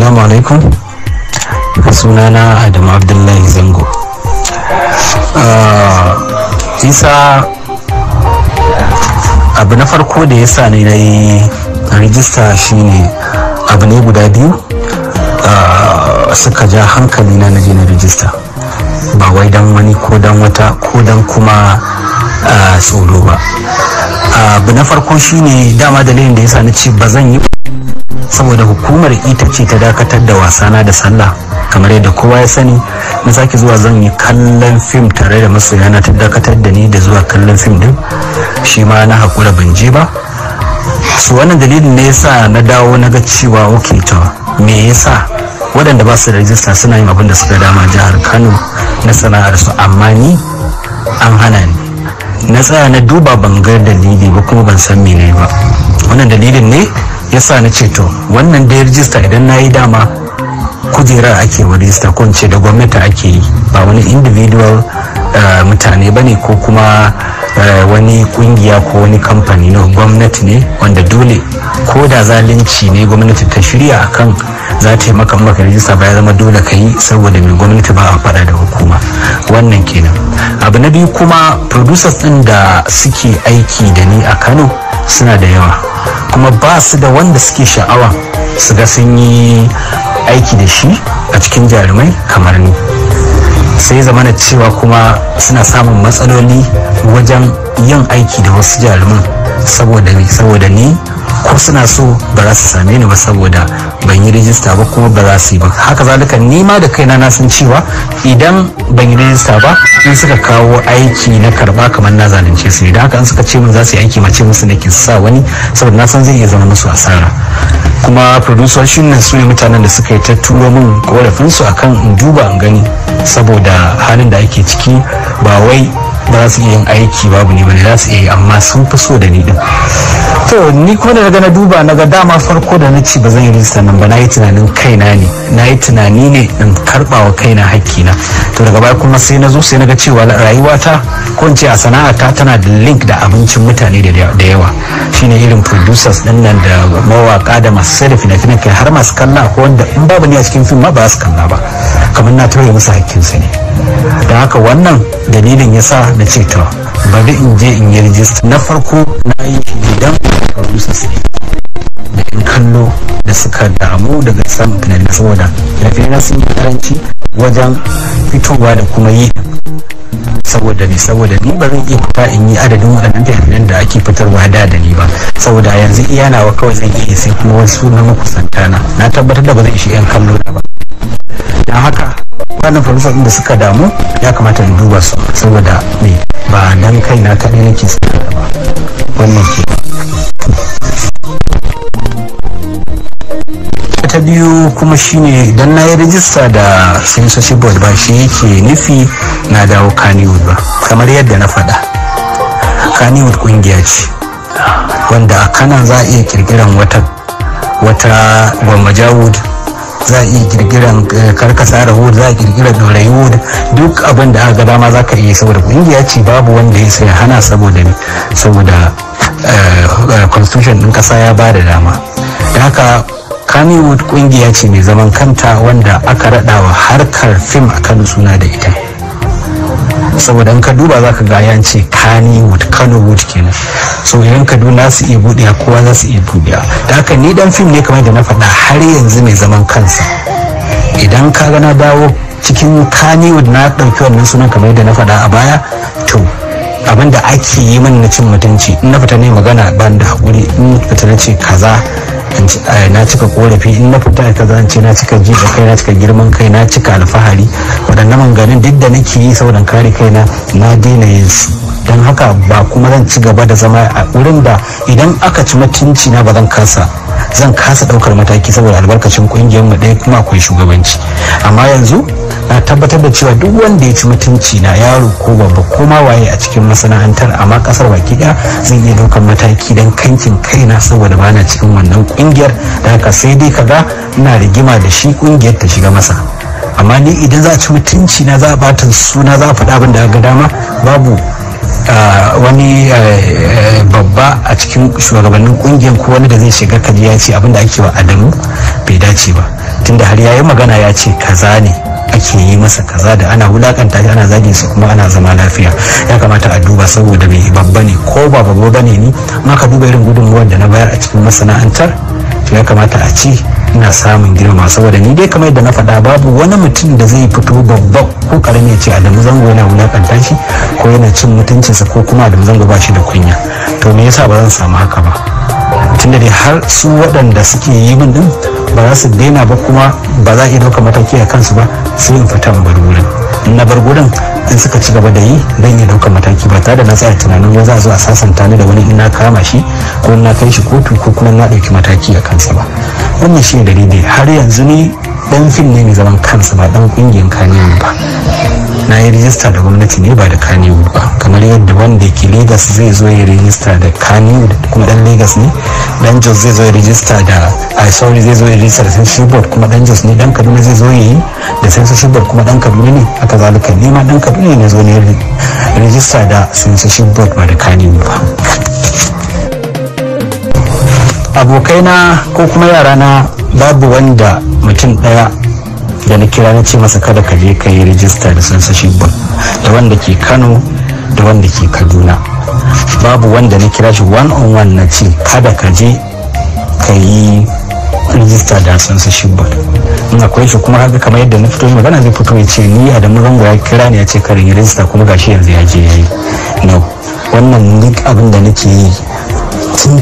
assalamu alaikum sunana adam abdullahi zango ah, isa abu na farko da ya sa ni na yi rijista shine abu ne guda biyu ah, suka ja hankali na na na rijista ba wai dan wani ko dan wata ko dan kuma ah, tsoro ba abu na farko shi ne dama dalilin da ya sa na ce ba zan yi saboda hukumar ita ce ta dakatar da wasana da sallah kamar yadda kowa ya sani na sake zuwa zan yi kallon fim tare da masoyana ta dakatar da ni da zuwa kallon fim din shi ma na haƙura ban je ba su wannan dalilin ne yasa na dawo na ga cewa ok to me yasa waɗanda ba su da rajista suna yin abin da suka dama jihar kano na sana'ar su amma ni an hana ni na tsaya na duba ban dalili ba kuma ban san mene ba wannan dalilin ne yasa na ce to wannan da rijista idan na yi dama kujerar ake wa rijista ko ce da gwamnati ake yi ba wani individual uh, mutane ba ne ko kuma uh, wani kungiya ko wani kamfani na gwamnati ne wanda dole ko da zalunci ne gwamnati ta shirya akan za ta yi maka maka rijista ba ya zama dole ka yi saboda mai gwamnati ba a faɗa da hukuma wannan kenan abu na biyu kuma producers ɗin da suke aiki da ni a kano suna da yawa kuma ba su da wanda suke sha'awa su ga sun yi aiki da shi a cikin jarumai kamar ni sai na cewa kuma suna samun matsaloli wajen yin aiki da wasu jaruman saboda ni ko suna so ba za su same ni ba saboda ban yi rijista ba kuma ba za su yi ba haka zalika ni ma da kaina na san cewa idan ban yi rijista ba in suka kawo aiki na karba kamar na zalunce su idan haka in suka ce min za su yi aiki mace musu nake sa wani saboda na san zai iya zama musu asara kuma producer shi ne su ne mutanen da suka yi ta turo min korafinsu akan in duba in gani saboda halin da ake ciki ba wai ba za su yin aiki babu ne bane za su iya yi amma sun fi so da ni din to ni ko da na duba na ga dama farko da na ci ba zan yi rijistar nan ba na yi tunanin kaina ne na yi tunani ne in karba wa kaina na. to daga baya kuma sai na zo sai na ga cewa rayuwata ko in ce a ta tana da link da abincin mutane da yawa shine irin producers din nan da mawaka da masu sarrafa fina-finan kai har masu kalla ko wanda in babu ni a cikin fim ma ba su kalla ba kamar na tura masa hakkinsa ne da haka wannan dalilin ya sa na ce to bari in je in yi rijista na farko na yi gidan gidan faru sosai da in kallo da suka damu daga samun tunani saboda na sun yi karanci wajen fitowa da kuma yi saboda ni saboda ni ba zan iya fita in yi adadin waɗannan tafiyan da ake fitarwa da da ni ba saboda yanzu iya nawa kawai zan iya sai kuma wasu na makusanta na na tabbatar da ba zan ishi yan kallo ba don haka wannan farfar da suka damu ya kamata da duba su saboda mai ba dan kai na kaɗai nake ba wannan ke ta biyu kuma shine idan na yi rijista da censorship board ba shi yake nufi na dawo kaniwood ba kamar yadda na faɗa kaniwood kungiya ce wanda a kanan za a iya kirkiran wata wata gwamma Eh, za a iya kirkiran karkasa da hudu za a kirkira dorai wood duk abin da aka dama za ka iya saboda kungiya ce babu wanda ya sai hana saboda saboda eh, eh, constitution din kasa ya ba da dama da haka kamiwood kungiya ce mai zaman kanta wanda aka wa harkar fim a kano suna da ita saboda in ka duba za ka ga yan ce kano wood kenan so yan kaduna su iya buɗewa kowa za su iya buɗewa da haka ni dan fim ne kamar da na faɗa har yanzu mai zaman kansa idan ka ga na dawo cikin wood na ɗauki wannan sunan kamar da na faɗa a baya to abinda ake yi min na cin mutunci in na fita ne magana ban da haƙuri in fita na ce kaza Eh, na cika korafi in na fita ka zan ce na cika ji da kai na cika girman kai na cika alfahari waɗannan manganin duk da nake yi saboda kare kaina na daina yin su don haka ba kuma zan ci gaba da zama a wurin da idan aka ci mutunci na ba zan kasa zan kasa daukar mataki saboda albarkacin kungiyar mu ɗaya kuma akwai shugabanci amma yanzu na tabbatar da cewa duk wanda ya ci mutunci na yaro ko babba ko ma waye a cikin masana'antar amma kasar baki ɗaya zan iya daukar mataki dan kankin kaina saboda bana cikin wannan kungiyar da haka sai dai kaga ina rigima da shi kungiyar ta shiga masa amma ni idan za a ci mutunci na za a bata suna za a faɗa abin da ga dama babu wani babba a cikin shugabannin kungiyar ko wani da zai shiga kaji ya ce abinda ake wa adamu bai dace ba tunda har ya yi magana ya ce kaza ne ake yi masa kaza da ana wulakanta shi ana zagin su kuma ana zama lafiya ya kamata a duba saboda mai babba ne ko ba babba bane ni ma ka duba irin gudunmuwar da na bayar a cikin masana'antar to ya kamata a ci ina samun girma saboda ni dai kamar yadda na faɗa babu wani mutum da zai fito babba ko karami ce Adamu Zango yana wuna shi ko yana cin mutuncinsa ko kuma Adamu Zango ba shi da kunya to me yasa ba zan samu haka ba tunda dai har su waɗanda suke yi min din ba za su daina ba kuma ba za a iya ɗauka mataki a kansu ba sai in fita in bar wurin in na bar gurin in suka ci gaba da yi zan iya ɗaukan mataki ba tare da na tsaya tunanin wani za a zo a sasanta ni da wani in na kama shi ko na kai shi kotu ko kuma na ɗauki mataki a kansa ba wannan shi ne dalili har yanzu ni dan fim ne mai zaman kansa ba dan kungiyar kaniyan ba na yi rijista da gwamnati ne ba da kaniwood ba kamar yadda wanda ke legas zai zo ya rijista da kaniwood kuma dan legas ne dan jos zai zo ya rijista da Isauri ah, sorry zai zo ya rijista da sensu board kuma dan jos ne dan kaduna zai zo ya yi da sensu board kuma dan kaduna ne a zalika ne ma dan kaduna ne zo ne rijista da sensu board ba da kaniwood ba abokaina ko kuma yarana babu wanda mutum daya da na kira na ce masa kada ka je ka yi rijista da sansashin ba da wanda ke kano da wanda ke kaduna babu wanda na kira shi one on one na ce kada ka je ka yi rijista da sansashin ba in akwai shi kuma haka kamar yadda na fito magana zai fito ya ce ni da zango ya kira ni ya ce karin rijista kuma gashi yanzu ya je ya yi no wannan duk abin da nake yi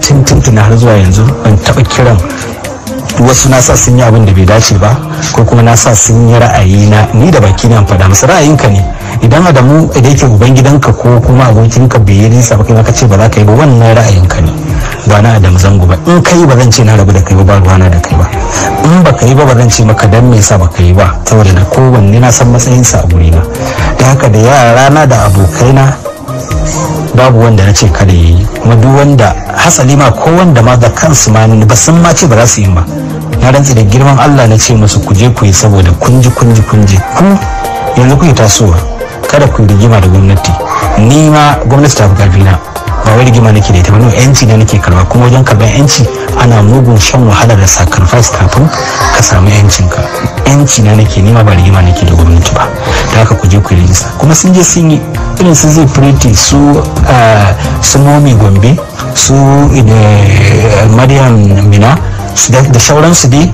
tun tun tun har zuwa yanzu ban taɓa kiran wasu nasa sun yi abin da bai dace ba ko kuma nasa sun yi ra'ayi na ni da baki ne faɗa musu ra'ayinka ne idan adamu da yake ubangidanka ko kuma abokinka bai yi nisa ba ka ce ba za ka yi ba wannan ra'ayinka ne ba na adamu zango ba in kai ba zan ce na rabu da kai ba ba ruwana da kai ba in ba ka yi ba ba zan ce maka dan me yasa ba ka yi ba saboda na kowanne na san sa a na da haka da yara na da abokaina babu wanda na ce kada ya yi kuma duk wanda hasali ma ko wanda ma da kansu ma ba sun ma ce ba za su yi ba na rantsi da girman Allah na ce musu ku je ku yi saboda kunji kunji kunji ku yanzu ku yi tasowa kada ku rigima da gwamnati ni ma gwamnati ta fi karfi na wai rigima nake da ita wani yanci ne nake karba kuma wajen karban yanci ana mugun shan wahala da sacrifice kafin ka samu yancin ka yanci na nake nema ba rigima nake da gwamnati ba da haka ku je ku yi kuma sun je sun yi irin sun zai pretty su ah, su gombe su eh, mariam mina da sauransu dai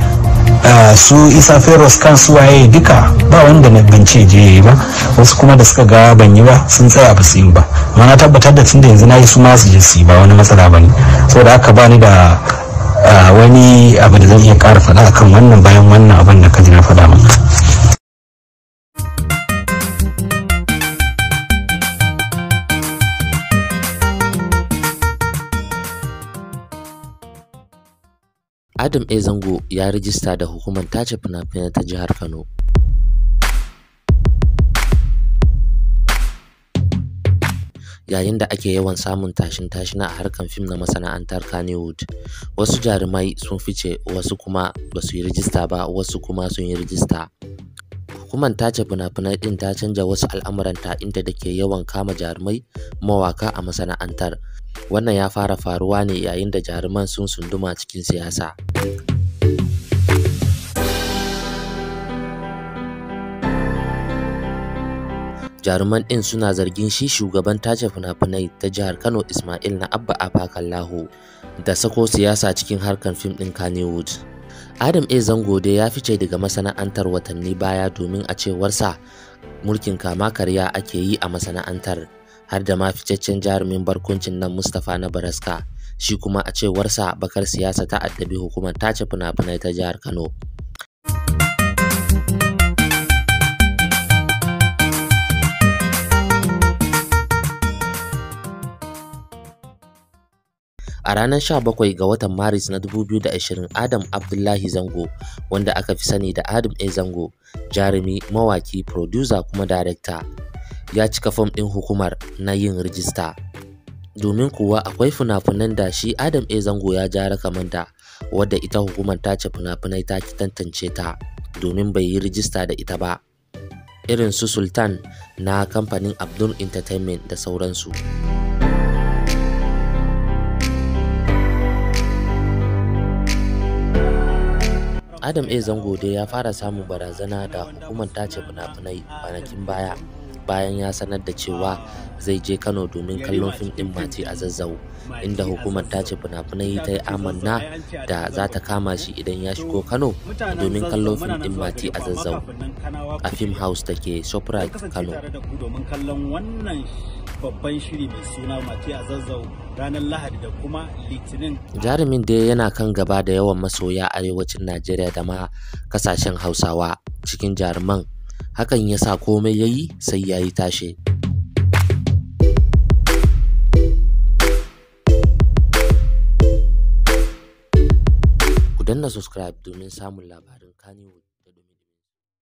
Ah, su isa feros kan su waye duka ba wanda na bance je yi ba wasu kuma da suka ga ban yi ba sun tsaya ba su yi ba amma na tabbatar da tunda yanzu na yi su ma su je su ba wani matsala ba ne saboda da ba ni da ah, wani abu da zan iya kara faɗa akan wannan bayan wannan abin da ka ji na faɗa maka Adam A. Zango ya rijista da hukumar tace fina fina ta jihar Kano. Yayin da ake yawan samun tashin tashina a harkar fim na masana'antar Kannywood, wasu jarumai sun fice wasu kuma ba su yi rijista ba wasu kuma sun yi rijista. hukumar tace ce fina ɗin ta canja wasu al'amuranta inda da ke yawan kama jarumai mawaka a masana'antar Wannan ya fara faruwa ne yayin da jaruman sun sunduma cikin siyasa. jaruman ɗin suna zargin shi shugaban tace fina-finai ta jihar kano ismail na abba laho da sako siyasa cikin harkar fim ɗin kannywood adam a zango dai ya fice daga masana'antar watanni baya domin a cewarsa mulkin kama karya ake yi a masana'antar har da ma jarumin barkuncin nan Mustapha na Baraska shi kuma a cewarsa bakar siyasa ta addabi hukumar tace fina-finai ta jihar Kano. A ranar 17 ga watan Maris na 2020 Adam Abdullahi Zango wanda aka fi sani da Adam A Zango jarumi mawaki producer kuma darekta ya cika fom ɗin hukumar na yin rijista. Domin kuwa akwai funafunan da shi Adam A. Zango ya ja rakamanta wadda ita hukumar ta ce funafunai ta ki tantance ta domin bai yi rijista da ita ba. Irin su Sultan na kamfanin Abdul Entertainment da sauransu. Adam A. Zango dai ya fara samun barazana da hukumar tace fina-finai kwanakin baya. bayan ya sanar da cewa zai je kano domin kallon fim ɗin mati a zazzau inda hukumar ta ce fina-finai ta yi amanna da za ta kama shi idan ya shigo kano domin kallon fim ɗin mati a zazzau a film house da ke shoprite kano babban shiri mai ranar lahadi da kuma litinin jarumin yana kan gaba da yawan masoya arewacin najeriya da ma kasashen hausawa cikin jaruman hakan ya sa komai ya yi sai ya yi tashe. Ku danna subscribe domin samun labarin Kannywood.